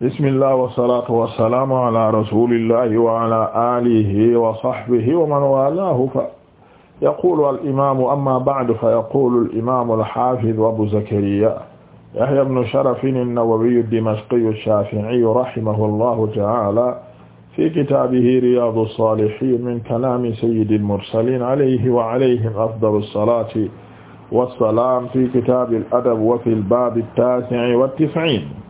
bismillah wasalaatu wasalaamu ala rasulillahi wa ala alihi wa sahbihi wa man walaahu fa yaqulu al'imamu amma ba'du fa yaqulu al'imamu al-hafiz abu zakariya yahya ibnu sharafin an-nawawiyu ad-dimashqiyu ash-shafi'iyu rahimahu llahu ta'ala fi kitaabihi riyadu as-salihin min kalami sayyidi al-mursalin alayhi wa alayhim afdalu as-salati was-salam fi kitaabi al-adab wa fi al-bab at-tasi' wa at-tis'in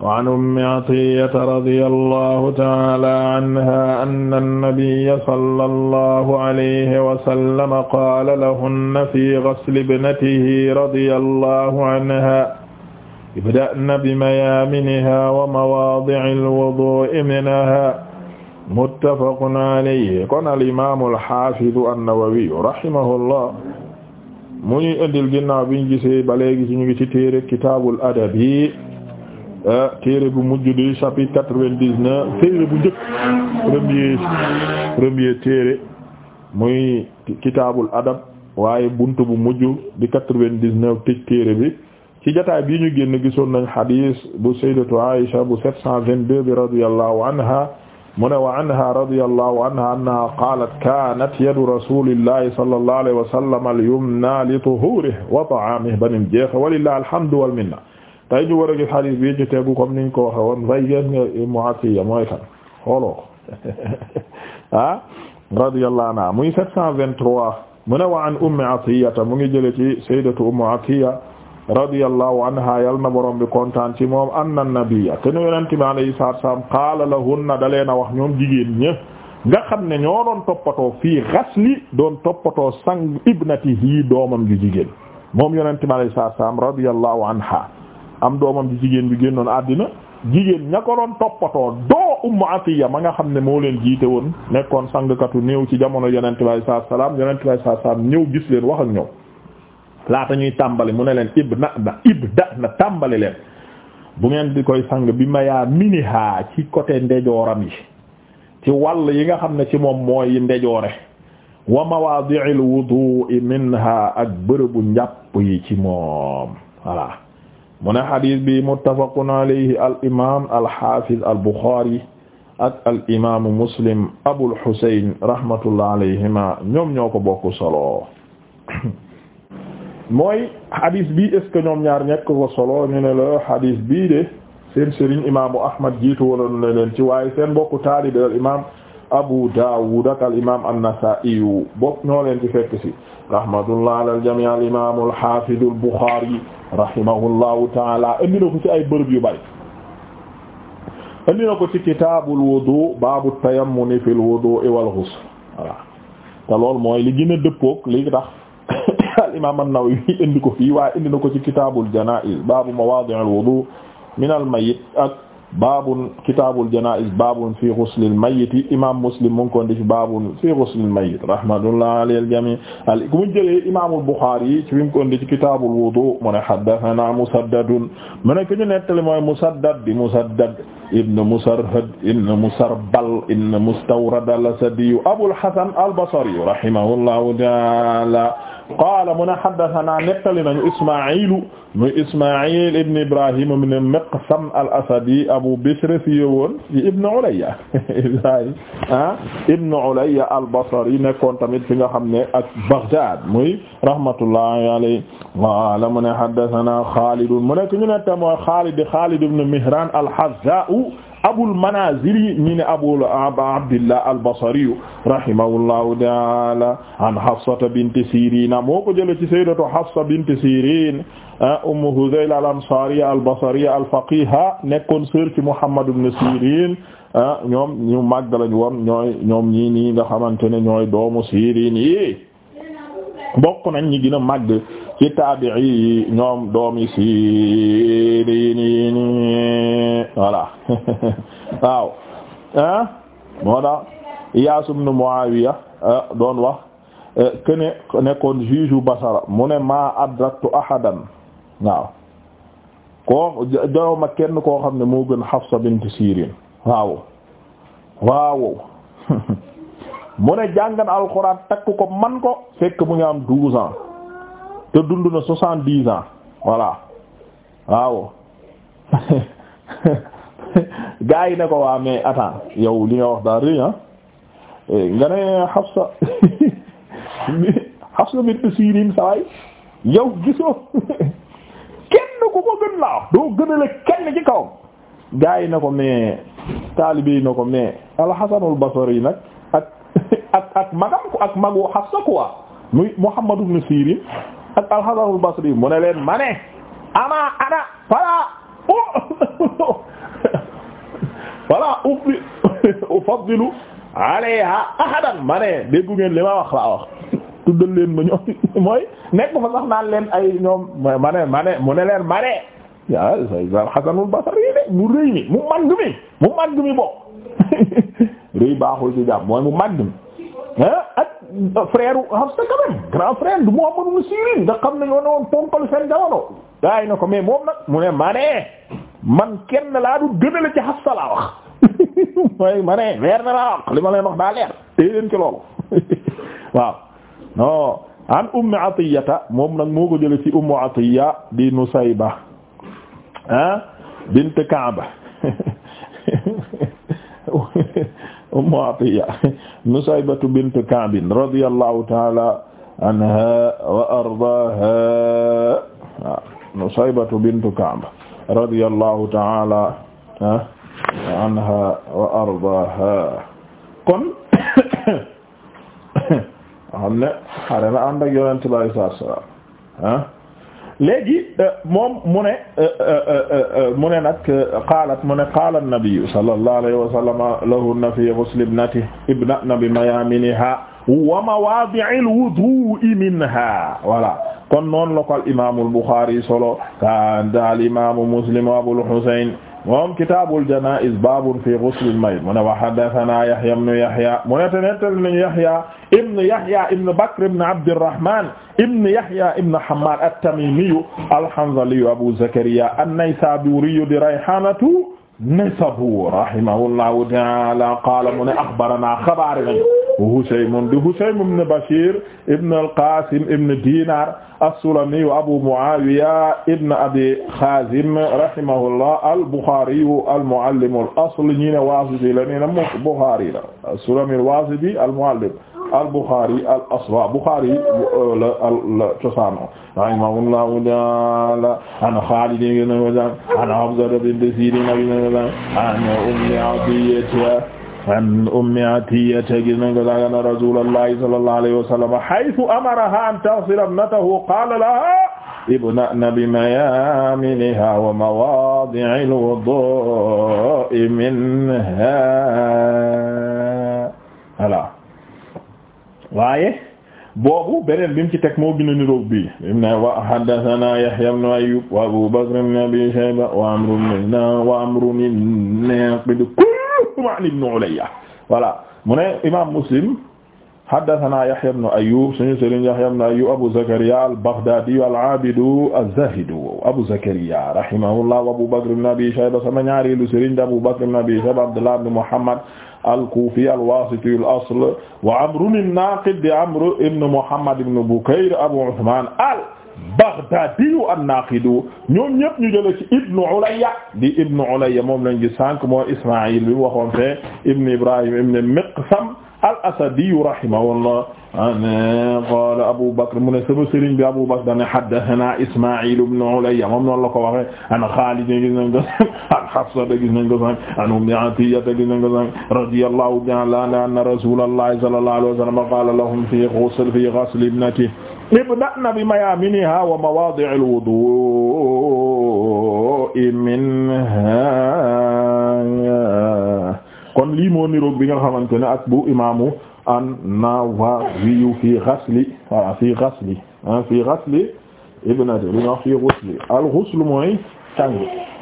وعن أم عطية رضي الله تعالى عنها أن النبي صلى الله عليه وسلم قال لهن في غسل ابنته رضي الله عنها ابدأن بميامنها ومواضع الوضوء منها متفق عليه kon الإمام الحافظ النووي رحمه الله mu ngi indil ginnaaw bi ñu gisee ba léegi ñu ngi ci téere كتاب الأدب Ah, téere bu mujj di chapitre quatre-vingt-dix-neuf téere bu njëkk premier premier téere muy kitaabul adab waaye bunt bu mujj di quatre-vingt-dix-neuf tëj téere bi ci jotaay bii ñu génn gisoon nañ xadiis bu sayyidatu Aisha bu sept cent vingt-deux bi radiyallahu anha mu ne wa anha radiyallahu anha annaha qaalat kaanat yadu rasulillahi sallallahu alayhi wa sallam al-yumna li tuhurihi wa ta'aamihi banim jeex walillahi alhamdu wal minna tey ji war a gis xadiis bi ñu tegu comme niñ ko waxe woon fay gis nga Mu'atiya mooy kan xooloo ah radiyallahu anha muy 723 mu ne wa an Ummi Atiyata mu ngi jële ci sayyidatu Ummu Atiya radiyallahu anha yal na borom bi kontaan ci moom anna nabiyya te nu yonent bi alayhi salaatu salaam qaala lahunna dalee wax ñoom jigéen ñi nga xam ne ñoo doon toppatoo fii xasli doon toppatoo sang ibnatihi doomam ju jigéen moom yonent bi alayhi salaatu salaam radiyallahu anha am doomam ci jigéen bi génnoon àddina jigéen ña ko doon toppatoo doo ummu atiya ma nga xam ne moo leen jiite woon nekkoon sangkatu néew ci jamono yonent bi saa salaam yonent salaam ñëw gis leen wax ak ñëw laata ñuy tàmbali mu ne leen ib na ibda na tàmbali leen bu ngeen di koy sang bi ma yaa minihaa ci côté ndejooram yi ci wàll yi nga xam ne ci moom mooy ndejoore wa mawaadi'il wudu'i minha ak bërëbu njàpp yi ci moom voilà mu ne xadis bi muttafaqun alayhi al imam al hafiz al buxaari ak al imaamu muslim abul husayn rahmatullah alayhima ñoom ñoo ko bokk solo mooy xadis bi est ñoom ñaar ñekk ko solo ñu ne la xadis bii de seen sëriñ imaamu ahmad jiitu wala ne leen ci waaye seen bokku taalibe Abu Dawud ak al imaam an-Nasa'i bokk ñoo leen ci fekk si rahmatullah ala al-jami' al-imam al-hafiz al-Bukhari rahimahullahu ta'ala indi na ko ci ay bërëb yu bari indi na ko ci kitaabul wudu baabu tayammuni fil wudu'i wal ghusl voilà te loolu mooy li gën a dëppook li an-Nawawi indi ko fii waaye indi na baabun kitaabul janaa'iz baabun fi ghuslil mayyit imaam muslim mu ngi ko indi ci baabun fi ghuslil mayyit rahmatullahi alal jamii' al ku mu jëlee imaamul buxaari ci bi mu ko indi ci kitaabul wudu mu ne haddathanaa musaddadun mu ne ki ñu nettali mooy musaddad di musaddad ibn musarhad ibn musarbal ibn mustawrad al-asadi abul hasan al-basri rahimahullahu ta'aala qaala mu ne haddasanaa nettali nañu Ismaa'iil muy Ismaa'iil ibn Ibraahiim ibn Miqsam al-Asadi Abu Bishr si yowoon si Ibn Ulayya ah Ibn Ulayya al-Basri nekkoon tamit fi nga xam ne ak Baghdad muy rahmatullahi alayhi qaala mu ne haddasanaa Xaalid mu nekk ñu ne te mooy Xaalid Xaalid ibn Mihraan al-Hazzaa'u Abul Manaziri ñi ne Abu Abdillah al-Basri rahimahullahu ta'ala an Hafsata binti Sirin moo ko jëlee ci sayyidatu Hafsa binti Sirin Ummu Hudhayl al-Ansariya al-Basriya al nekkoon sœur ci Muhammad ibn Sirin ñoom ñu màgg lañ woon ñooy ñoom ñii nii xamante ne ñooy doomu Sirin yi bokk nañ ñi gën a màgg ci taabi'i yi ñoom doomi Siiriin voilà waaw ah moo tax Iyaas ibn Muawiya eh, doon wax kene eh, nekkoon juge u Basra mu ne ma adraktu ahadan waaw koo jow ma kenn koo xam ne moo gën Hafsa bint Siiriin waaw waaw mu ne jàngan alxuraan takk ko man ko fekk mu ngi am douze ans te dund na soixante-dix ans voilà waaw gaa yi ne ko waa mais attends yow li nga wax daal rëy ah. eh, nga ne Hafsa Hafsa bint Sirin saway yow gisoo kenn ku ko gën laa doo gënale kenn ci kawam gaa yi ne ko mais taalibe yi ko mais al-Hasanul Basri nag ak ak magam ko ak magu Hafsa quoi muy Muhammad ibn Sirin ak alxasanul basri mu ne leen ma ne ama ana fala fala ufdi ufaddilu alayha ahadan ma ne déggu li ma wax laa wax tuddal leen ma ñoom mooy nekk fa sax naan leen ay ñoom ma ne ma ne mu ne leen ma yaa say sa xasanul basri de mu rëy mi mu màgg mi mu màgg mi bo rëy baaxul ci jàmm mooy mu màgg mi ak frère Hafsa quand du Muhammad ibn Sirin nga xam ne ñoo ne woon na ko mais moom nag mu ma man kenn laa du gënale ci Hafsa laa wax mooy ma na laa wax li ma leen wax baale leer téy waaw non an Umm Atiyata moom nag moo ko jële ci Umm Atiya di Nusayba ah bint Kaaba Ummu Atiyya Nusaybatu bint Ka'b radiyallahu ta'ala anha wa ardaaha Nusaybatu bint Ka'b radiyallahu ta'ala anha wa ardaaha kon xam ne xare na ànd ak Yonent bi sallallahu alayhi wa sallam léegi euh, moom mu ne euh, euh, mu ne nag qaalat mu ne qaala an-nabiyyu sallallahu alayhi wa sallam lahunna fi ghusli ibnati ibnana bi mayaaminiha wa mawaadi'il wuduu'i minha voilà kon noonu la ko al imaamul Buxaari solo kaana al imaamu Muslim Abul Husayn moom kitaabul janaa'iz baabun fii ghuslil mayyit mu ne wa haddathanaa Yahyaa ibnu Yahyaa mu ne te nettali nañu Yahyaa ibnu Yahyaa ibnu Bakr ibnu Abdirrahmaan ibnu Yahyaa ibnu Hammaad at-Tamiimiyyu al-Hanzaliyyu Abuu Zakariyyaa an-Naysaabuuriyyu di Rayhaanatu Naysaabuur rahimahullahu ta'aalaa qaala mu ne axbaranaa xabaar nañu Husaym di Husaym ibn Bashir ibn al-Qasim ibn Dinar as-Sulami wa Abu Muawiya ibn Abi Khazim rahimahullah al-Bukhari al-Muallim al-asl ñi ne Wasiti la ñi ne Bukhari la as-Sulami al-Wasiti al-Muallim al-Bukhari al-asl wa Bukhari euh, la la cosaano rahimahullahu ta'ala an Khalid ibn Maz'am an Hafsa bint Sirin an Ummi Atiyya an ummi atiyata gis nañ ko saaga na rasulallahi sallallahu alayhi wa sallam haythu amaraha an taghsila ibnatahu qala laha ibna'na bimayaminiha wa mawadi'il wudu'i minha voilà waaye boobu beneen bi mu ci teg moo gën a niroog bi im ne wa haddathana Yahya ibn Ayyub wa Abu Bakr ibn Abi Shayba wa amrun wa amrun naqid kulluhum an ibn Ulayya voilà mu ne imam Muslim haddathana Yahya ibn Ayyub suñu sëriñ Yahya ibn Ayyub Abu Zakariya al-Baghdadi al-abidu az-zahidu Abu Zakariya rahimahullah wa Abu Bakr ibn Abi Shayba sama ñaareelu sëriñ da Abu Bakr ibn Abi Shayba Abdullah ibn Muhammad al-Kufi al-Wasiti al-asl wa Amr an-Naqid Amr ibn Muhammad ibn Bukayr Abu Uthman al Baghdadiyu an-Naqidu ñoom ñëpp ñu jëlee ci Ibnu Ulayya di Ibnu Ulayya moom lañ gi sànq moo Ismaïl bi waxoon fee Ibnu Ibrahim Ibnu Miqsam al-Asadiyu rahimahullah qaala Abu Bakr mu ne sama sëriñ bi Abu Bakr dane haddathana Isma'il ibn Ulayya moom noonu la ko waxee an Xaalid gis nañ ko an Hafsa gis nañ ko sànq an Ummi Atiyya gis nañ ko sànq radiyallahu ta'ala anna Rasulallahi sallallahu alayhi wa sallam qaala lahum fi ghusl fi ghusl ibnatihi ibda'na bi mayaaminiha wa mawaadi'il wudu'i minha kon lii moo niroog bi nga xamante ne ak bu imaamu an-Nawawi fi ghasli fi ghasli fi ghasli ibnati li nga wax fi ghusli al-ghusl mooy càng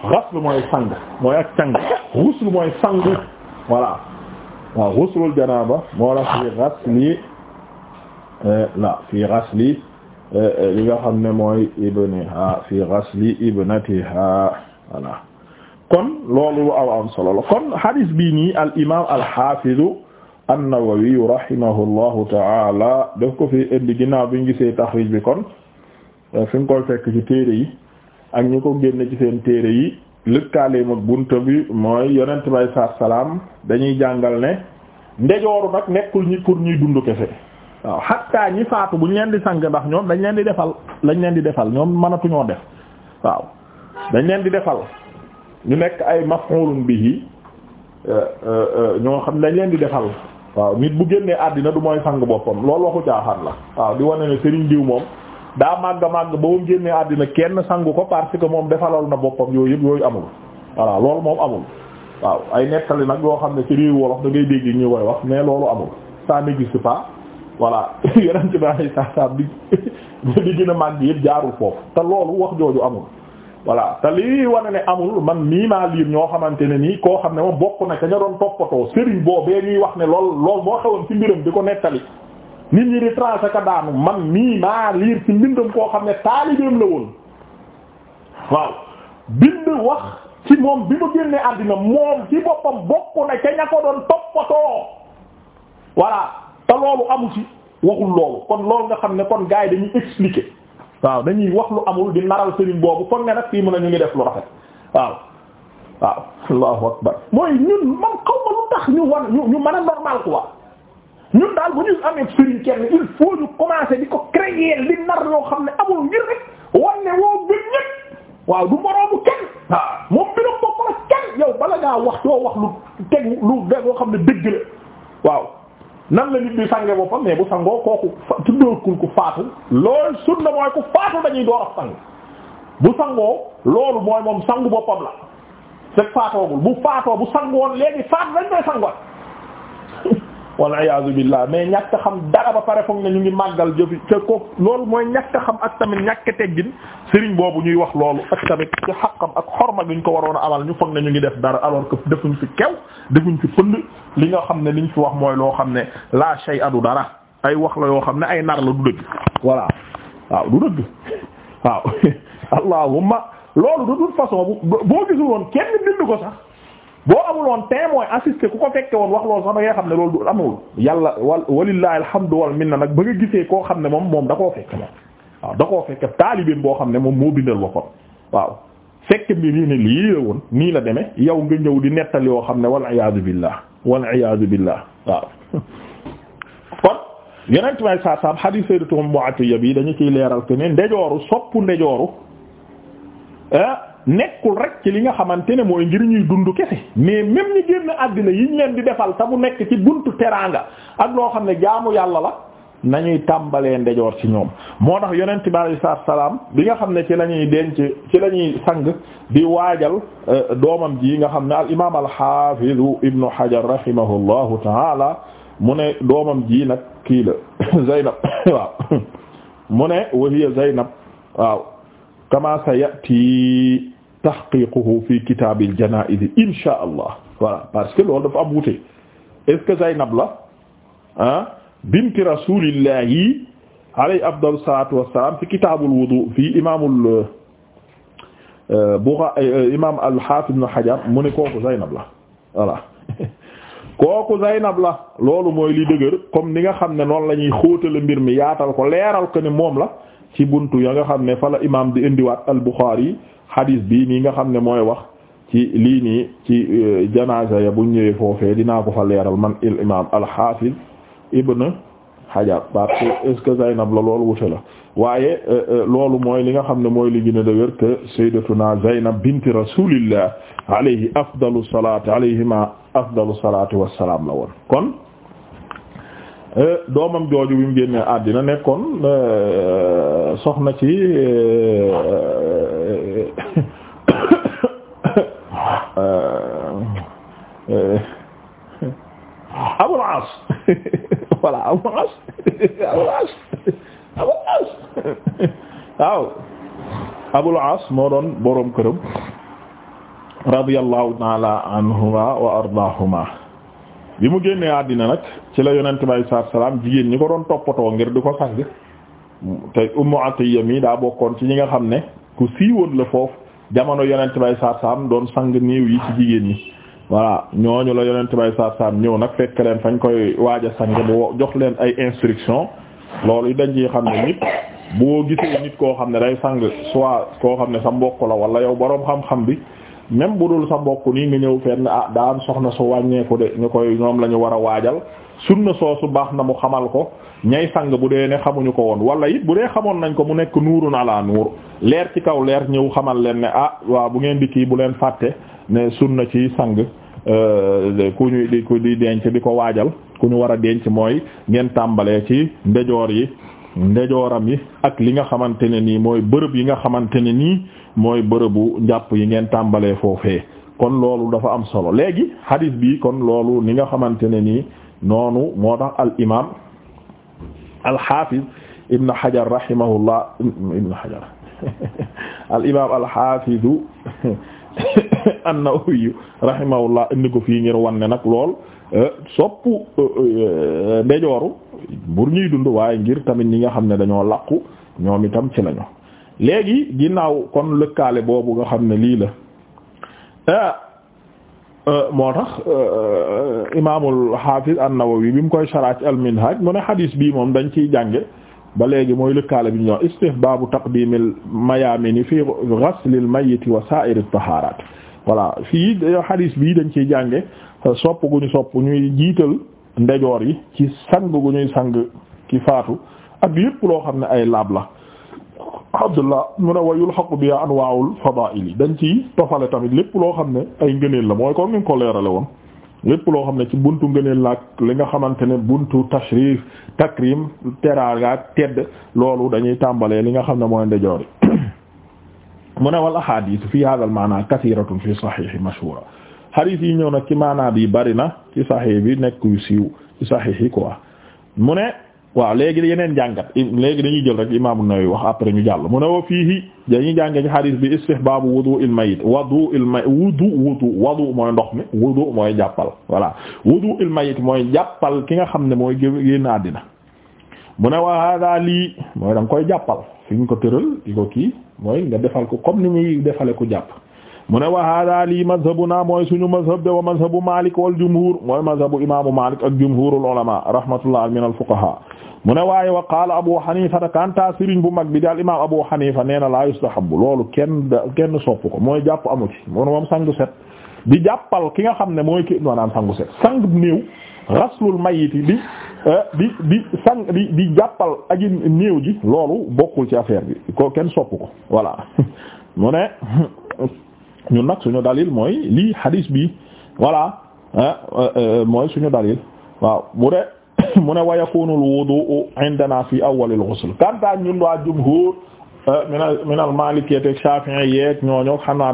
ghasl mooy sang mooy ak càng ghusl mooy sang voilà waaw ghuslul janaaba moo la fi ghasli euh, la fi ghasli euh, li nga xam ne mooy ibniha fi ghasli ibnatiha voilà kon loolu lu am am solo la kon hadis bii nii al imaam al haafidu an-Nawawi rahimahullahu ta'ala daf ko fi indi ginnaaw bi ñu gisee taxrij bi kon euh, fi nga koy fekk ci téere yi ak ñu ko génne ci seen téere yi lëkkaaleem ak buntu bi mooy yonent bay saa salaam dañuy jàngal ne ndejooru nag nekkul ñi pour ñuy dund kese waaw xattaa ñi faatu bu ñu leen di sang ndax ñoom dañ leen di defal lañ leen di defal ñoom mënatuñoo def waaw dañ leen di defal ñu nekk ay maf'ulun bihi euh, euh, ñoo xam dañ leen di defal waaw nit bu génnee àddina du mooy sang boppam loolu waxu jaaxaan la waaw di wane ne Serigne diw moom daa màgg màgg ba mu génnee àddina kenn sangu ko parce que moom defalal na boppam yooyu yëpp yooyu amul voilà loolu moom amul waaw ay nettali nag yoo xam ne ci réew wolof da ngay dégg ñu koy wax mais loolu amul ça n'existe pas voilà yeneen ci baax yi saa saa di di gën a màgg yëpp jaarul foofu te loolu wax jooju amul. voilà te lii wane ne amul man mii maa liir ñoo xamante ne nii koo xam ne moom bokk na ca ña doon toppatoo sëriñ boobee ñuy wax ne lool lool moo xewoon ci mbiram di ko nettali nit ñi di tranché ka daanu man mii maa liir ci mbindam koo xam ne taalibeem la woon waaw bind wax ci moom bi mu génnee àddina moom ci boppam bokk na ca ko doon toppatoo voilà te loolu amu ci waxul loolu kon loolu nga xam ne kon gars yi dañuy expliquer waaw dañuy wax lu amul di naral sëriñ boobu foog ne nag fii mën a ñu ngi def lu rafet waaw waaw allahu akbar mooy ñun man xaw ma lu tax ñu war ñu ñu mën a normal quoi ñun daal bu ñu amee sëriñ kenn il faut ñu commencer di ko créer di nar yoo xam ne amul ngir rek wanne woo gën ñëpp waaw du moroomu kenn waaw moom biram bokk la kenn yow bala ngaa wax yoo wax lu tegu lu deg yoo xam ne dëgg la waaw nan la nit di sange boppam mais bu sangoo kooku tuddookul ku faatu loolu sunna mooy ku faatu dañuy door a sang bu sangoo loolu mooy moom sangu boppam la fekk faatoogul bu faatoo bu sangoon léegi faatu dañ koy sangoon wal iyaazu billah mais ñàkk xam dara ba pare foog na ñu ngi màggal jëfi te ko loolu mooy ñàkk xam ak tamit ñàkk teggin sëriñ boobu ñuy wax loolu ak tamit ci xaqam ak xor ma gi ñu ko waroon a amal ñu foog na ñu ngi def dara alors que defuñ fi kew defuñ fi pënd li nga xam ne liñ fi wax mooy loo xam ne la shay adu dara ay wax la yoo xam ne ay nar la du dëgg voilà waaw du dëgg waaw allahumma loolu de toute façon boo gisul woon kenn bind ko sax. boo amuloon témoin assisté ku ko fekke woon wax loolu sax da ngay xam ne loolu du amul yàlla walillahi alhamdu wal minna nag ba nga gisee koo xam ne moom moom da koo fekk moom waaw da koo fekk taalibeem boo xam ne moom moo bindal boppam waaw fekk mbir yi ne lii la woon nii la demee yow nga ñëw di nettali yoo xam ne wal iyaadu billah wal iyaadu billah waaw kon yeneen tubaab saa saam hadith Sayyidatu Ummu Atiyya bi dañu ciy leeral que ne ndejooru nekkul rek ci li nga xamante ne mooy ngir ñuy dund kese mais même ñi génn àddina yiñ leen di defal te mu nekk ci buntu teraanga ak loo xam ne jaamu yàlla la na nañuy tàmbalee ndejoor ci ñoom moo tax yonent bi alayhi salaam li nga xam ne ci la ñuy denc ci la ñuy sang di waajal euh, doomam ji nga xam ne al imaam al haafiz ibnu hajar rahimahullahu taala mu ne doomam ji nag kii la mu ne wa hiya Zeynab waaw kama sayati tahqiquhu fi kitaabil janaa'iz inshaa allah voilà parce que loolu dafa am wute est-ce que Zaynab la ah binti rasuulillahi alayhi afdalu salaatu wassalaam fi kitaabul wudu fi imaamul euh, euh, euh, imaam al-Haafiz ibn Hajar mu ne kooku Zaynab la voilà kooku Zaynab la loolu mooy li dëgër comme ni nga xam ne noonu la ñuy xóotale mbir mi yaatal ko leeral ko ne moom la. ci buntu ya nga xam ne fa la imaam di indiwaat al-Bukhari hadis bii nii nga xam ne mooy wax ci lii nii ci euh, janaasa ya bu ñëwee foofee dinaa ko fa leeral man il imaam al-Hafiz Ibn Hajar parce que Zaynab la loolu la waaye euh, euh, loolu mooy li nga xam ne mooy li gën a dëgër que sayyidatuna Zaynab bint Rasulillah alayhi afdalu salaati alayhima afdalu salaati wassalaam la woon kon Euh, doomam jooju bi mu génnee àddina nekkoon euh, soxna ci euh, Abul As voilà Abul As Abul As Abul As waaw Abul As moo doon boroom këram radiyallahu ta'ala anhuma wa ardaahuma bi mu génnee àddina nag ci la yonent bi saa salaam jigéen ñi ko doon toppatoo ngir di ko sang te Ummu Atiyya mi daa bokkoon ci ñi nga xam ne ku siiwoon la foofu jamono yonent bi saa salaam doon sang néew yi ci jigéen ñi. waa ñooñu la yonent bi saa salaam ñëw nag fekk leen fañ koy waaja a sang bu jox leen ay instruction loolu it dañ ciy xam ne nit boo gisee nit koo xam ne day sang soit koo xam ne sa mbokk la wala yow boroom xam-xam bi. même bu dul sa mbokk nii nga ñëw fenn ah daa am soxna su wàññeeku de ñu koy ñoom la ñu war a waajal sunna soosu baax na mu xamal ko ñay sang bu dee ne xamuñu ko woon wala it bu dee xamoon nañ ko mu nekk nuuru nuurun ala nuur leer ci kaw leer ñëw xamal leen ne ah waaw bu ngeen di kii bu leen fàtte ne sunna ci sang euh, ku ñu di ku di denc di ko waajal ku ñu war a denc mooy ngeen tàmbalee ci ndejoor yi ndejooram yi ak li nga xamante ne nii mooy bërëb yi nga xamante ne nii mooy bërëbu njàpp yi ngeen tàmbalee foofee kon loolu dafa am solo léegi hadis bi kon loolu ni nga xamante ne nii noonu moo tax al imaam al xaafiz ibn hajar rahimahullah ibn hajar al imaam ko fii ngir wan ne nag lool eh, soppu eh, eh, ndejooru bur ñuy dund waaye ngir tamit ñi nga xam ne dañoo làqu ñoom itam ci lañu léegi ginnaaw kon lëkkaale boobu nga xam ne lii la ah, euh, moo tax euh, imaamul hafiz an-Nawawi bi mu koy saraat ci al-Minhaj mu ne hadis bii moom dañ ciy jànge ba léegi mooy lëkkaale bi ñu wax istihbaabu taqdiimil mayaamini fi ghaslil mayyit wa saa'irit tahaaraat voilà fii hadis bii dañ ciy jànge sopp gu ñu sopp ñuy jiital ndejoor yi ci sang gu ñuy sang ki faatu ak yépp loo xam ne ay laab la abdullah mu ne yu yulhaqu bi anwaa'ul fadaa'il yi dañ ci tofale tamit lépp loo xam ne ay ngëneel la mooy comme ni nga ko leerale woon lépp loo xam ne ci buntu ngëneel la li nga xamante ne buntu tashrif takrim teraanga ak tedd loolu dañuy tàmbalee li nga xam ne mooy ndejoor yi mu ne wal ahadith fi hadha al ma'na kathiratun fi sahih mashhura xadiis yi ñëw nag ci maanaa bi bari na ci saxiix bi nekk yu siiw ci saxiix yi quoi mu ne waaw léegi yeneen jàngat léegi dañuy jël rek imaam An-Nawawi wax après ñu jàll mu ne wa fiihi dañuy jànge ci xadiis bi istihbaabu wudu'il mayit wudu'il mayit wudu wudu wudu mooy ndox mi wudu mooy jàppal voilà wudu'il mayit mooy jàppal ki nga xam ne mooy génn àddina mu ne wa hada lii mooy da koy jàppal fi nga ko tëral di ko kii mooy nga defal ko comme ni muy defale ko jàpp mu ne wa hada lii mazhabuna mooy suñu mazhab de wa mazhabu Malik wal jumhur mooy mazhabu imaamu Malik ak jumhurul ulama rahmatullah min al fuqaha mu ne waaye wa qaala Abu Hanifa kanta sëriñ bu mag bi daal imaam Abu Hanifa nee na la yustahabu loolu kenn kenn sopp ko mooy jàpp amu ci moom moom sangu set di jàppal ki nga xam ne mooy ki maanaam sangu set sang néew ghaslul mayyit di eh, di di sang di jàppal aji néew ji loolu bokkul ci affaire bi ko kenn sopp ko voilà ñun nag suñu dalil mooy lii hadis bi voilà euh, euh, mooy suñu dalil waaw mu de mu ne wa yakunul wudu'u indana fi awwalil ghusl kanta ñun waa jumhur euh, minal minal maalikiyya ak shafi'i yeeg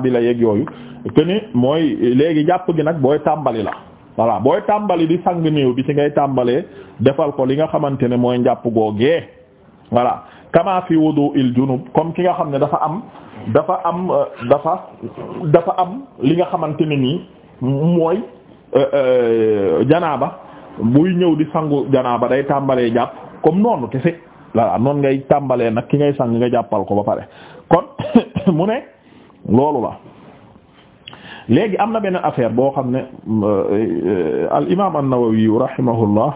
bi la yeeg yooyu que mooy léegi jàpp gi nag booy tàmbali la voilà booy tàmbali di sang néew bi ci ngay tàmbalee defal ko li nga xamante ne mooy njàpp googee voilà kama fi wudu'il junub comme ki nga xam ne dafa am dafa am euh, dafa dafa am li nga xamante ne nii mooy euh, euh, janaa ba buy ñëw di sangu janaa ba day tàmbalee jàpp comme noonu kese la noonu ngay tàmbalee nag ki ngay sang nga jàppal ko ba pare kon mu ne loolu la léegi am na beneen affaire boo xam ne al imaam an-Nawawi rahimahullah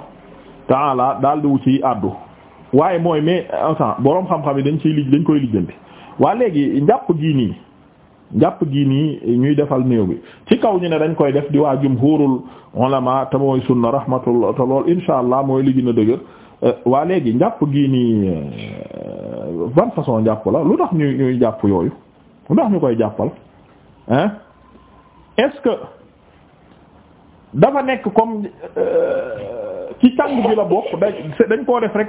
taala daal di wu ci àddu waaye mooy mais attends boroom xam-xam yi dañ ciy li dañ koy lijjanti waa léegi njàpp gii nii njàpp gii nii ñuy defal néew bi ci kaw ñu ne dañ koy def di waa jumhurul ulama te mooy sunna rahmatullah te lool insha allah mooy li gën a dëgër euh, waa léegi njàpp gii nii euh, ban façon njàpp la lu tax ñuy ñuy jàpp yooyu lu tax ñu koy jàppal hein est-ce que dafa nekk comme euh, ci càng bi la bokk dañ koo def rek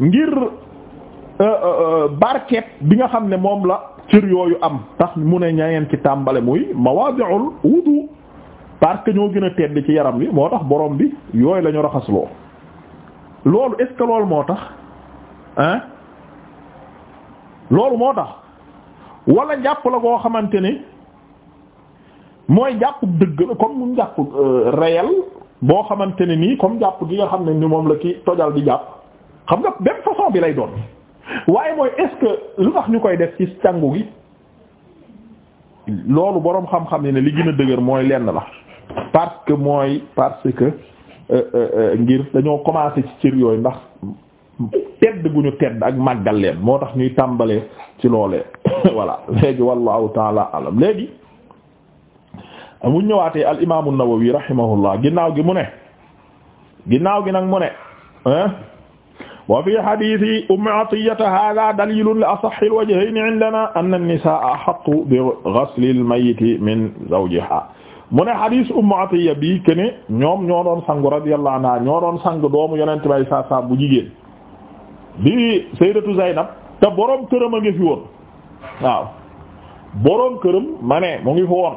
ngir Euh, euh, euh, barket bi nga xam ne moom la cër yooyu am tax mu ne ñangeen ci tàmbale muy mawaadi'ul wudu parce que ñoo gën a tedd ci yaram wi moo tax boroom bi yooyu la ñu raxasloo loolu est loolu moo tax ah loolu moo tax wala jàpp la koo xamante ni mooy jàpp dëgg la comme mu jàpp réel boo xamante ne nii comme jàpp gi nga xam ne ni moom la ki tojal di jàpp xam nga benn façon bi lay doon waaye mooy est lu tax ñu koy def ci sangu gi loolu boroom xam-xam ne ne li gën a dëgër mooy lenn la parce que mooy parce que euh, euh, euh, ngir dañoo commencé ci cër yooyu ndax tedd gu ñu tedd ak màggal leen moo tax ñuy tàmbalee ci loolee voilà léegi wallahu taala alam léegi mu ñëwaatee al imaamu Nawawi rahimahullah ginnaaw gi mu ne ginnaaw gi nag mu ne wa fi hadithi ummi atiyata hada dalilun li asaxi alwajhayni indana anna nisaa axaqu bi gasli almayiti min zawjiha mu ne hadis ummu atiya bi kene ñoom ñoo doon sangu radiyallahu anha ñoo doon sang doomu yonente bay saa saa bu jigéen bi sayyidatu Zaynab te borom ngi fi borom këram ma ne mu ngi fi woon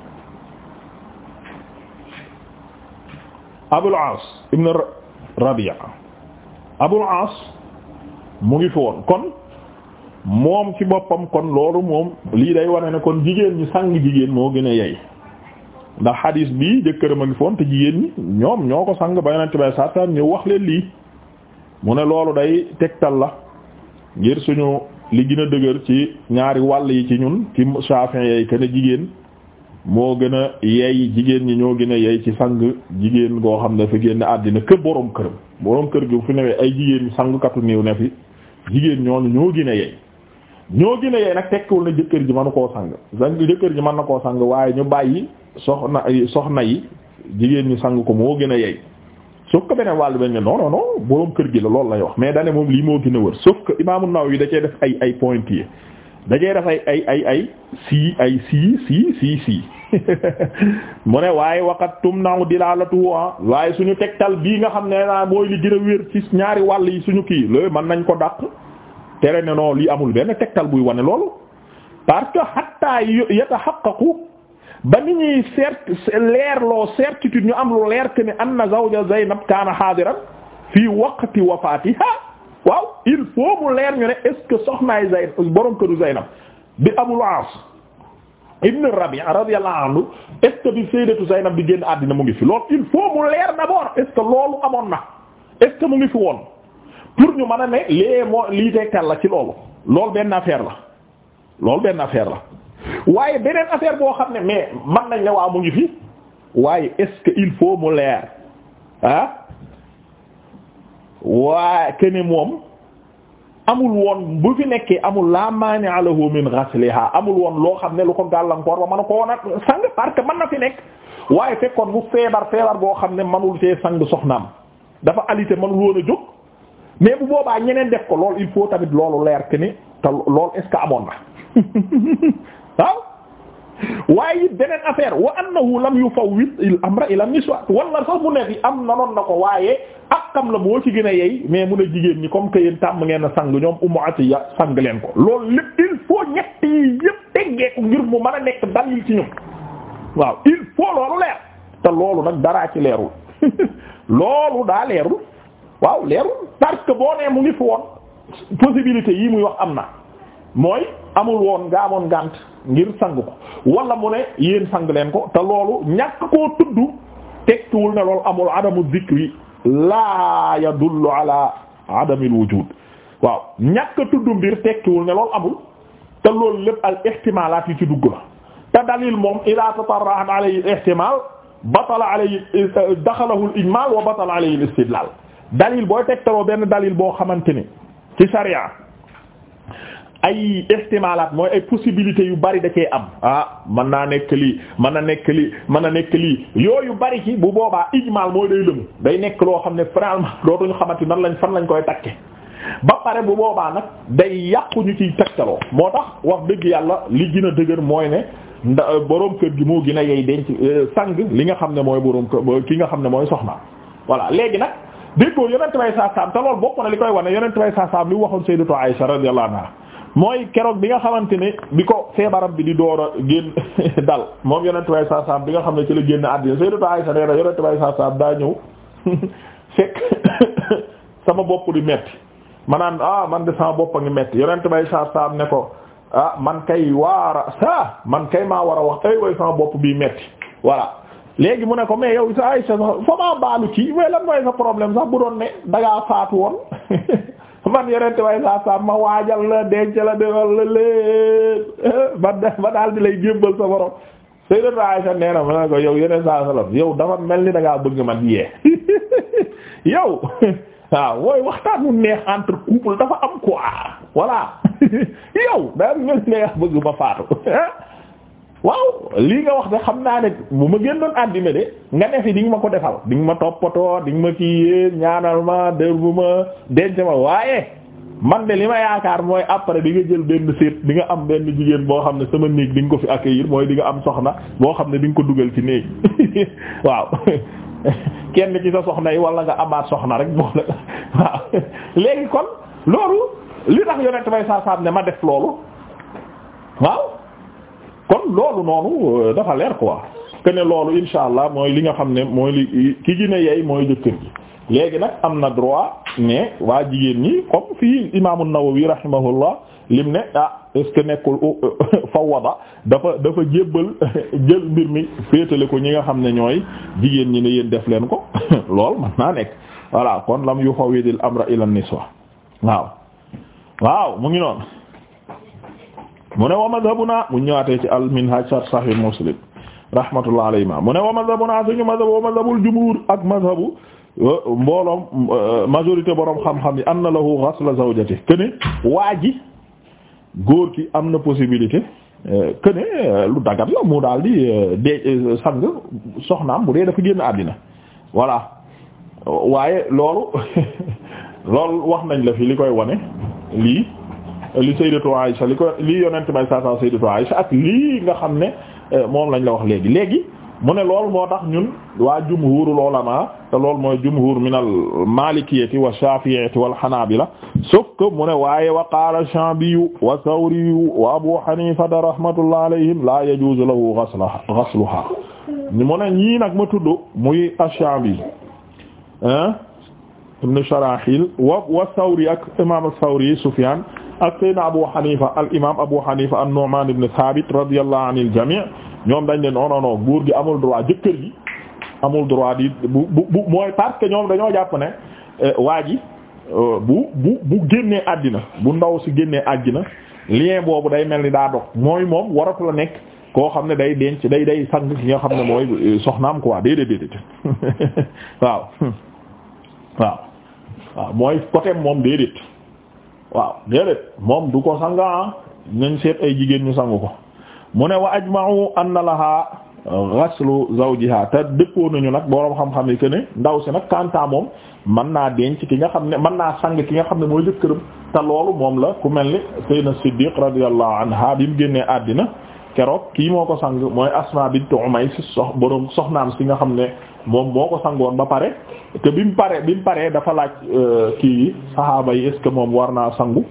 Abul Aas ibn Rabi'a Abul Aas mu ngi fi woon kon moom ci boppam kon loolu moom lii day wane na kon jigéen ñi sang jigéen moo gën a yey ndax xadiis bi jëkkër a ngi foon te jigéen ñi ñoom ñoo ko sang ba yonent bay saataan ñu wax leen lii mu ne loolu day tegtal la ngir suñu li gën a dëgër ci ñaari wàll yi ci ñun ci Shafi'i yi kenn jigéen moo gën a yey jigéen ñi ñoo gën a yey ci sang jigéen goo xam ne dafa génn àddina kër borom këram boroom kër gi bu fi newee ay jigéen sangkatu néew ne fi jigéen ñooñu ñoo gën a yey ñoo gën a yey nag tekkiwul na jëkkër ji manu koo sang sang mën na koo sang waaye ñu bàyyi soxna soxna yi jigéen ñi sang ko moo gën a yey sauf que beneen wàllu ben ne non non non kër gi la loolu lay wax mais dane moom lii moo gën a wër sauf que Imaamu Nawawi da cee def ay ay pointiers dajee def ay ay ay ay sii ay sii sii sii sii mu ne waaye waqat tum di dilaalatu ah waaye ñu tegtal bii nga xam ne naa mooy li gën ci ñaari wàll yi suñu kii loolu mën nañ ko dàq tere ne lii amul benn tegtal buy wane loolu parce que hatta yatahaqqaqu ba ni ñuy cert leerloo certitude ñu am lu leer que ne anna zawja Zaynab kaana haadiran fii waqti wafaatiha waaw il faut mu leer ñu ne est-ce que soxnaay Zayn borom këru Zaynab bi Abul Aas ibn Rabi' radiyallahu anhu est-ce que bi sayyidatu Zaynab bi génn àddina mu ngi fi loolu il faut mu leer d'abord est-ce loolu amoon na est mu ngi fi woon pour ñu mën a ne lee moo lii tegtal la ci loolu loolu benn affaire la loolu benn affaire la waaye beneen affaire boo xam ne mais man nañ ne waa mu ngi fi waaye est-ce il faut mu leer ah waa kene moom amul woon bu fi nekkee amul la maani'a lahu min ghasliha amul woon loo xam ne lu ko gàllankoor ba mën ko woon a sang parce que mën na fi nekk waaye fekkoon mu feebar feebar boo xam ne manul see sang soxnaam dafa alité manul woon jóg mais bu boobaa ñeneen def ko lool il faut tamit loolu leer que ni te lool est ce que amoon na waaw waaye it beneen affaire wa annahu lam yufawwid al amra ila niswa wala sax bu nekk yi am nanoon na ko waaye àqam la boo ci gën a yey mais mun a jigéen ñi comme que yéen tàmm ngeen a sang ñoom Ummu Atiya sang leen ko loolu lépp ngir mu mën a nekk dalil ci ñun waaw il leer te loolu nag daraa ci leerul loolu daa leerul waaw leerul parce que boo nee mu ngi fi woon possibilité yi muy wax am na mooy amul woon nga amoon ngànt ngir sang ko wala mu ne yéen sang leen ko te loolu ñàkk koo tudd tekkiwul ne loolu amul adamu zikri laa yadullu ala adamil wujud waaw ñàkk tudd mbir tekkiwul ne loolu amul te loolu lépp al ihtimalaat yi ci dugg la te dalil moom ila tatarrahan alayhi al ihtimal batala alayhi daxalahu al ijmal wa batala alayhi al istidlal dalil booy tegtaloo benn dalil boo xamante ni ci sharia ay istimaalaat mooy ay possibilités yu bari da cee am ah mën naa nekk lii mën na nekk lii mën na nekk lii yooyu bari ci bu boobaa ijmaal mooy day lëmu day nekk loo xam ne finalement dootuñu xamante nan lañ fan lañ koy takke ba bu boobaa nag day yàqu ñu ciy tegtaloo moo tax wax dëgg yàlla li gën a dëgër mooy ne nda euh, borom kër gi moo gën a yey denc euh, sang li nga xam ne mooy borom kër ki nga xam ne mooy soxna voilà léegi nag déggoo yonent bay saa saam te loolu bokk na li koy wane yonent bay saa saam li waxoon Sayyidatu Aisha radiyallahu anha mooy keroog bi nga xamante ni bi ko feebaram bi di door a génn dal moom yonent bay saa saam bi nga xam ne ci la génn àddina Sayyidatu Aysa nee na yonent bay saa saam daa ñëw fekk sama bopp di metti ma naan ah man de sama bopp a ngi metti yonent bay saa saam ne ko ah man kay waara sa man kay maa war a wax ay way sama bopp bii metti voilà léegi mu ne ko mais yow sa Aysa fa maa baalu ci mais lan mooy sa problème sax bu doon ne dangaa faatu woon man yenente way saa sa ma waajal la denc la defal la lépp ba ba daal di lay jébbal sa borom Sayyidatu Aisha nee na ma ne ko yow yeneen saa sallam yow dafa mel ni da bëgg ma yee yow waaw mooy waxtaan mu neex entre couple dafa am quoi voilà yow daa mel ni da bëgg ma faatu waaw lii nga wax de xam naa ne bu ma génnoon àddina de nga ne fi di ma ko defal di nga ma toppatoo di ma kii yee ñaanal ma dér bu ma denc ma waaye man de li ma yaakaar mooy après di nga jël benn séet di nga am benn jigéen boo xam ne sama néeg di nga ko fi accueillir mooy di nga am soxna boo xam ne di ko dugal ci néeg waaw kenn ci sa soxna yi wala nga amaat soxna rek boo la waaw léegi kon loolu li tax yonent bay saa saam ne ma def loolu waaw loolu noonu euh, dafa leer quoi que ne loolu insha allah mooy li nga xam ne mooy li ki gën a yey mooy jëkkër ji léegi nag am na droit ne waa jigéen ñi comme fii imaam an-Nawawi rahimahullah lim ne ah est-ce que nekkul oh, euh, dafa dafa jébbal jël mbir mi féetale ko ñi nga xam ne ñooy jigéen ñi ne yéen def leen ko lool man naa nekk voilà kon lam yu fawwidil amra ila niswa waaw waaw mu ngi noonu mu ne wa madhabuna mu ñëwaatee ci al-Minhaj sahih Muslim rahmatullah alayhima mu ne wa madhabuna suñu madhab wa madhabul jumhur ak madhabu euh, mbooloom euh, majorité borom xam-xam yi anna lahu ghasla zawjati kene waa ji góor ki am na possibilité euh, kene lu dagat la mu daal di de sang soxnaam bu dee dafa génn àddina voilà waaye loolu loolu wax nañ la fii li koy wane lii li sayyidatu Aisha li ko li yonent bay saa saa sayyidatu Aisha ak lii nga xam ne euh, moom lañ la wax léegi léegi mu ne lool moo tax ñun waa jumhurul ulama te lool mooy jumhur min al malikiyati wa shafi'iyati wal hanabila sauf que mu ne waaye wa qala Shabiyu wa Thawriyu wa Abu Hanifata rahmatullah alayhim la yajuzu lahu ghaslaha ghasluha mu ne ñii nag ma tudd muy ash-Shabi ibn Sharahil wa wa Sawri ak imaam Sawri Sufyan ak Seydina Abu ñoom dañ ne non gi amul droit jëkkër gi amul droit bu mooy parce que ñoom dañoo jàpp ne eh, waa ji euh, bu bu génnee àddina bu ndaw si génnee àddina lien boobu day mel ni daa dox mooy moom waratu la nekk koo xam ne day denc day day sang ki nga xam ne mooy euh, soxnaam quoi déedéet déedéet waaw waaw. waaw mooy côté moom déedéet waaw déedéet moom du ko sanga ah nañ seet ay jigéen ñu sangu ko mu ne wa ajma'u anna laha ghaslu zawjiha te dëppoo nañu nag boroom xam-xam yi que ne ndaw si nag kanta moom mën naa denc ki nga xam ne man naa sang ki nga xam ne mooy jëkkëram te loolu moom la ku mel ni Sayyidina Siddiq radiyallahu anha bi mu génnee àddina keroog kii moo ko sang mooy Asma bint Umays sox boroom soxnaam si nga xam ne moom moo ko sangoon ba pare te bi mu pare bi mu paree dafa laaj euh, kii yi saxaaba yi est moom war naa sangu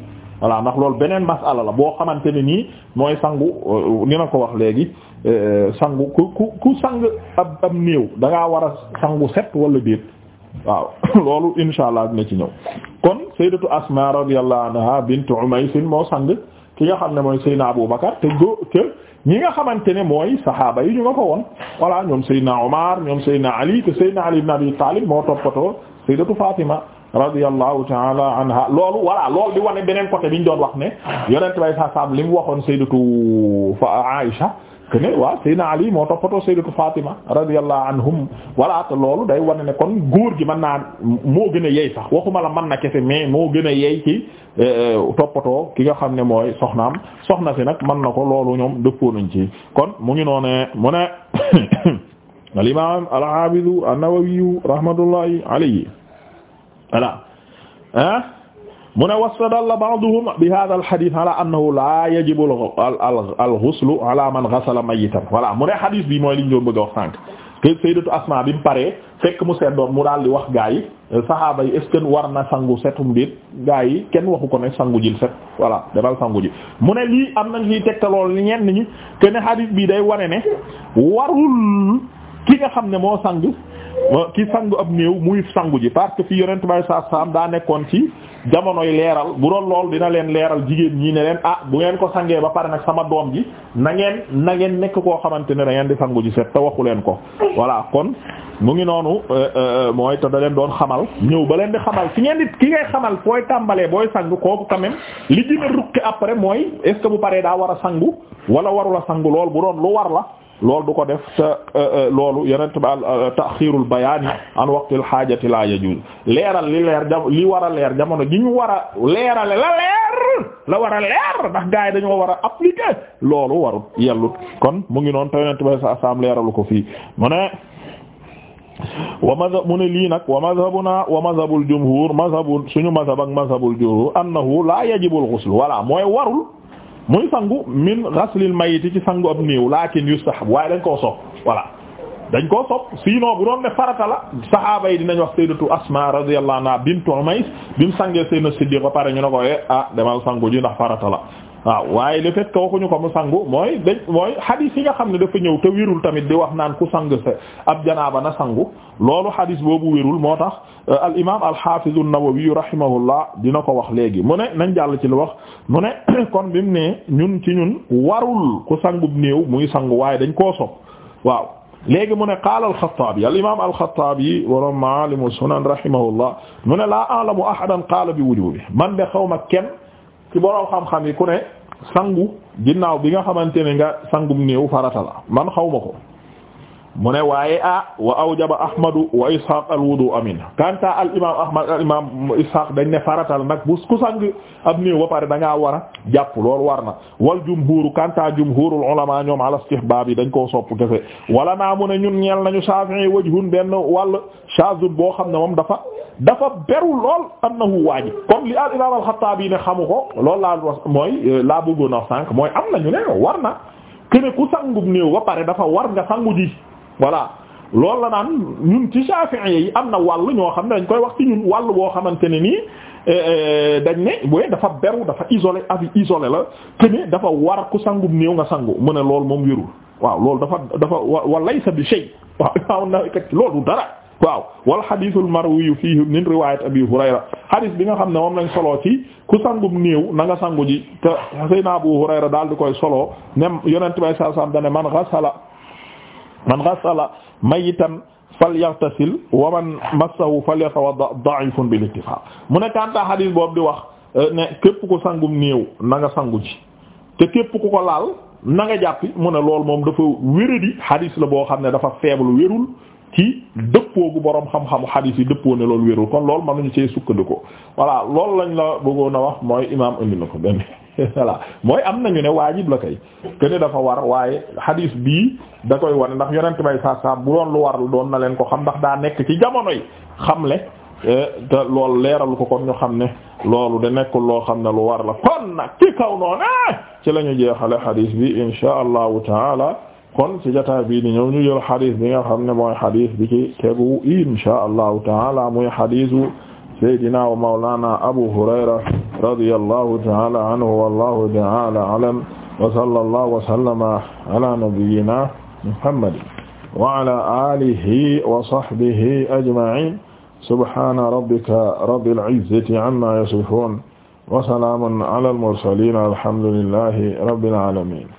voilà ndax loolu beneen masala la boo xamante ne nii mooy sangu euh, ni na ko wax léegi euh, sangu ku ku ku sang ab ab néew da ngaa war a sangu set wala déet waaw loolu insha allah dina ci ñëw kon sayyidatu Asma radiyallahu anha bint Umays moo sang ki nga xam ne mooy Seydina Abu Bakar te go te ñi nga xamante ne mooy saxaaba yi ñu nga fa woon voilà ñoom Seydina Omar ñoom Seydina Ali te Seydina Ali ibn Abi Talib moo toppatoo Sayyidatu Fatima radiyallahu ta'ala anha loolu voilà loolu di wane beneen côté bi ñu doon wax ne yonent bay sa sam li mu waxoon Sayyidatu Aïcha que ne waaw Seydina Ali moo toppatoo Sayyidatu Fatima radiyallahu anhum walla te loolu day wane ne kon góor gi mën naa moo gën a yey sax waxuma la mën na kese mais moo gën a yey ci euh, toppatoo ki nga xam ne mooy soxnaam soxna si nag mën na ko loolu ñoom dëppoo nañ ci kon mu ngi noonee mu ne al al haafiz an-Nawawi rahmatullahi alayhi voilà ah mu ne wastadalla ba'duhum bi hadha al hadith ala annahu la yajibu al ghuslu ala man ghasala mayitan voilà mu ne hadith bi mooy li ñu doon a wax sànq te sayyidatu Asma bi mu paree fekk mu seddoon mu daal di wax gaa yi euh, saxaaba yi est-ce war na sangu setum biir gaa yi kenn waxu ko ne sangu jil set voilà demal sangu ji mu ne lii am nañ liy tegtalool ñenn ñi que ne hadith bi day wane ne warul ki nga xam ne moo sang. ki sangu ab néew muy sangu ji parce que fi yonent bay saa saam daa nekkoon ci jamonoy leeral bu doon lool dina leen leeral jigéen ñii ne leen ah bu ngeen ko sangee ba pare nag sama doom ji nangeen ngeen na ngeen nekk koo xamante ne da ngeen di sangu ji set te waxu leen ko voilà kon mu ngi noonu euh, euh, mooy te da leen doon xamal ñëw ba leen di xamal fi ngeen di ki ngay xamal fooy tàmbalee booy sangu kooku quand même li dina rukki après mooy est-ce que bu paree daa war a sangu wala warula sangu lool bu doon lu war la lool du ko def te euh, euh, loolu yenent ba euh, taxirul bayaani an waqtil xaajati la yajuz leeral li leer li war a leer jamono gi ñu war a leerale la leer la war a leer ndax gars yi dañoo war a appliquer loolu warut yellut kon mu ngi noonu te yenent ba sa saam leeralu ko fii mu ne wa mu ne lii nag wa mazhabuna wa suñu mazhab ak mazhabul jumhur annahu la yajibul ghusl warul muy sangu min ghaslil mayiti ci sangu ab néew lakin yustahab waaye dañ koo sopp voilà dañ koo sopp sinon bu doon ne farata la sahaaba yi dinañ wax sayyidatu asma radiyallahu anha bintu umays bi mu sangee sayyidna siddiq ba pare ñu ne ko eh, ah demal sangu ji ndax farata la waaw waaye le fait waxuñu ko mu sangu mooy dañ mooy xadis yi nga xam ne dafa ñëw te wérul tamit di wax naan ku sang sa ab janaaba na sangu loolu xadis boobu wirul moo tax Euh, al imaam al xaafiz an-Nawawi rahimahullah dina ko wax léegi mu ne nañ jàll ci lu wax mu ne kon bi ne ñun ci ñun warul ku sangub néew muy sangu waaye dañ koo sopp waaw léegi mu ne qaala al-Xattaabi al imaam al-Xattaabi waroon maalimu sunan rahimahullah mu ne laa a'lamu ahadan qaala bi wujuubi man de xaw ma kenn ci borom xam-xam yi sangu ginnaaw bi nga xamante ne nga sangub néew farata la man xaw ma ko. mu ne waaye ah wa awjaba ahmadu wa ishaq al wudu amin kanta al imam ahmad al dañ ne faratal nag bu ku sang ab ba pare da ngaa war a jàpp loolu war na wal jumhuru kanta jumhurul ulama ñoom ala istihbab yi dañ koo sopp kese wala naa mu ne ñun ñeel nañu shafi'i wajhun ben wàll shazun boo xam ne moom dafa dafa beru lool annahu waajib comme li al imam al xattaabi ne xamu ko loolu laa mooy laa bëggoon a sànq mooy am nañu ne war na ku sangub néew ba pare dafa war nga ji voilà loolu la naan ñun ci Shafi'i yi am na wàll ñoo xam ne dañ koy wax ñun wàll boo xamante ne nii eh, eh, dañ ne bu dafa beru dafa isolé avis isolé la te ne dafa war ku sangu néew nga sangu mu ne lool moom wérul waaw lool dafa dafa wa laysa bi shay waaw waaw na loolu dara waaw wal hadithul marwi fihi min riwayat abi hurayra hadith bi nga xam ne moom lañ solo ci ku sangum néew na nga sangu ji te sayna abu hurayra daal di koy solo nem yonent bay saa sam dane man ghasala man ghasala mayitan falyaghtasil wa man massahu falyatawadda da'ifun bil ittifaq mu ne kanta hadith boobu di wax eh, ne képp ko sangum néew nanga sangu ci te képp ku ko laal na nga jàppi mu ne loolu moom dafa wéradi hadith la boo xam ne dafa faible wérul ci dëppoo gu borom xam-xamu hadith yi dëppoo ne loolu wérul kon loolu mënuñu cee sukkandiku voilà loolu lañu la bëggoon a wax mooy imaam indi na ko benn. voilà mooy am nañu ne waajib la kay que dafa war waaye hadis bii da koy wane ndax yonent bay saa saa bu doon lu war la doon na leen ko xam ndax daa nekk ci jamono yi xamle eh, te loolu leeralu ko kon ñu xam ne loolu da nekkul loo xam ne lu war la kon nag ci kaw noonu eh, ci la ñu jeexale hadis bi insha allahu taala kon ci jotaay bii di ñëw ñu jël hadis bi nga xam ne mooy hadis bi ci tegu insha allahu taala muy hadisu Seydina wa Mawlana Abu Hurayra radiyallahu ta'ala anhu wallahu ta'ala a'lam wa sallallahu wa sallama ala nabiyyina Muhammad wa ala alihi wa sahbihi ajma'in subhana rabbika rabbil izzati amma yasifun wa salamun ala al-mursalin alhamdulillahi rabbil alamin